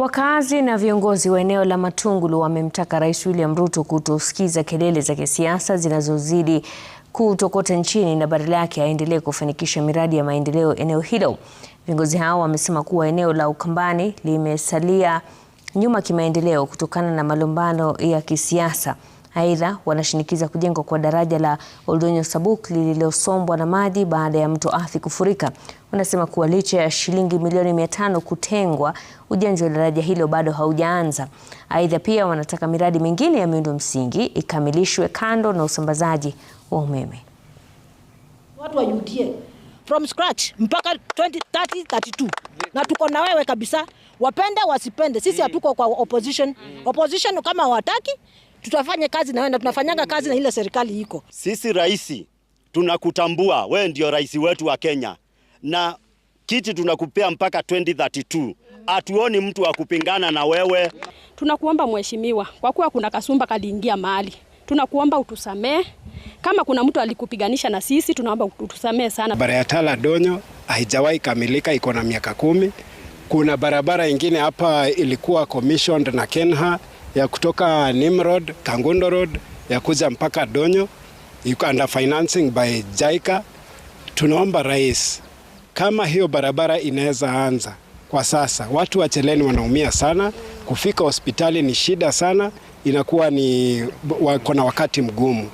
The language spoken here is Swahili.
Wakazi na viongozi wa eneo la Matungulu wamemtaka Rais William Ruto kutosikiza kelele za kisiasa zinazozidi kutokota nchini na badala yake aendelee kufanikisha miradi ya maendeleo eneo hilo. Viongozi hao wamesema kuwa eneo la Ukambani limesalia nyuma kimaendeleo kutokana na malumbano ya kisiasa. Aidha, wanashinikiza kujengwa kwa daraja la Oldonyo Sabuk lililosombwa na maji baada ya mto Athi kufurika. Wanasema kuwa licha ya shilingi milioni mia tano kutengwa, ujenzi wa daraja hilo bado haujaanza. Aidha, pia wanataka miradi mingine ya miundo msingi ikamilishwe kando na usambazaji wa umeme. Watu UDA from scratch mpaka 2030 na tuko na wewe kabisa, wapende wasipende, sisi hatuko kwa opposition. Mm. Opposition kama wataki tutafanya kazi na wewe na tunafanyaga kazi na ile serikali iko. Sisi rais tunakutambua wewe ndio rais wetu wa Kenya na kiti tunakupea mpaka 2032. Hatuoni mtu wa kupingana na wewe. Tunakuomba mheshimiwa, kwa kuwa kuna kasumba kaliingia mahali, tunakuomba utusamee. Kama kuna mtu alikupiganisha na sisi, tunaomba utusamee sana. Barabara ya Tala Donyo haijawahi kamilika, iko na miaka kumi. Kuna barabara ingine hapa ilikuwa commissioned na Kenha ya kutoka Nimrod, Kangundo Road ya kuja mpaka Donyo, iko under financing by jaika Tunaomba rais, kama hiyo barabara inaweza anza kwa sasa. Watu wa Cheleni wanaumia sana, kufika hospitali ni shida sana, inakuwa ni wako na wakati mgumu.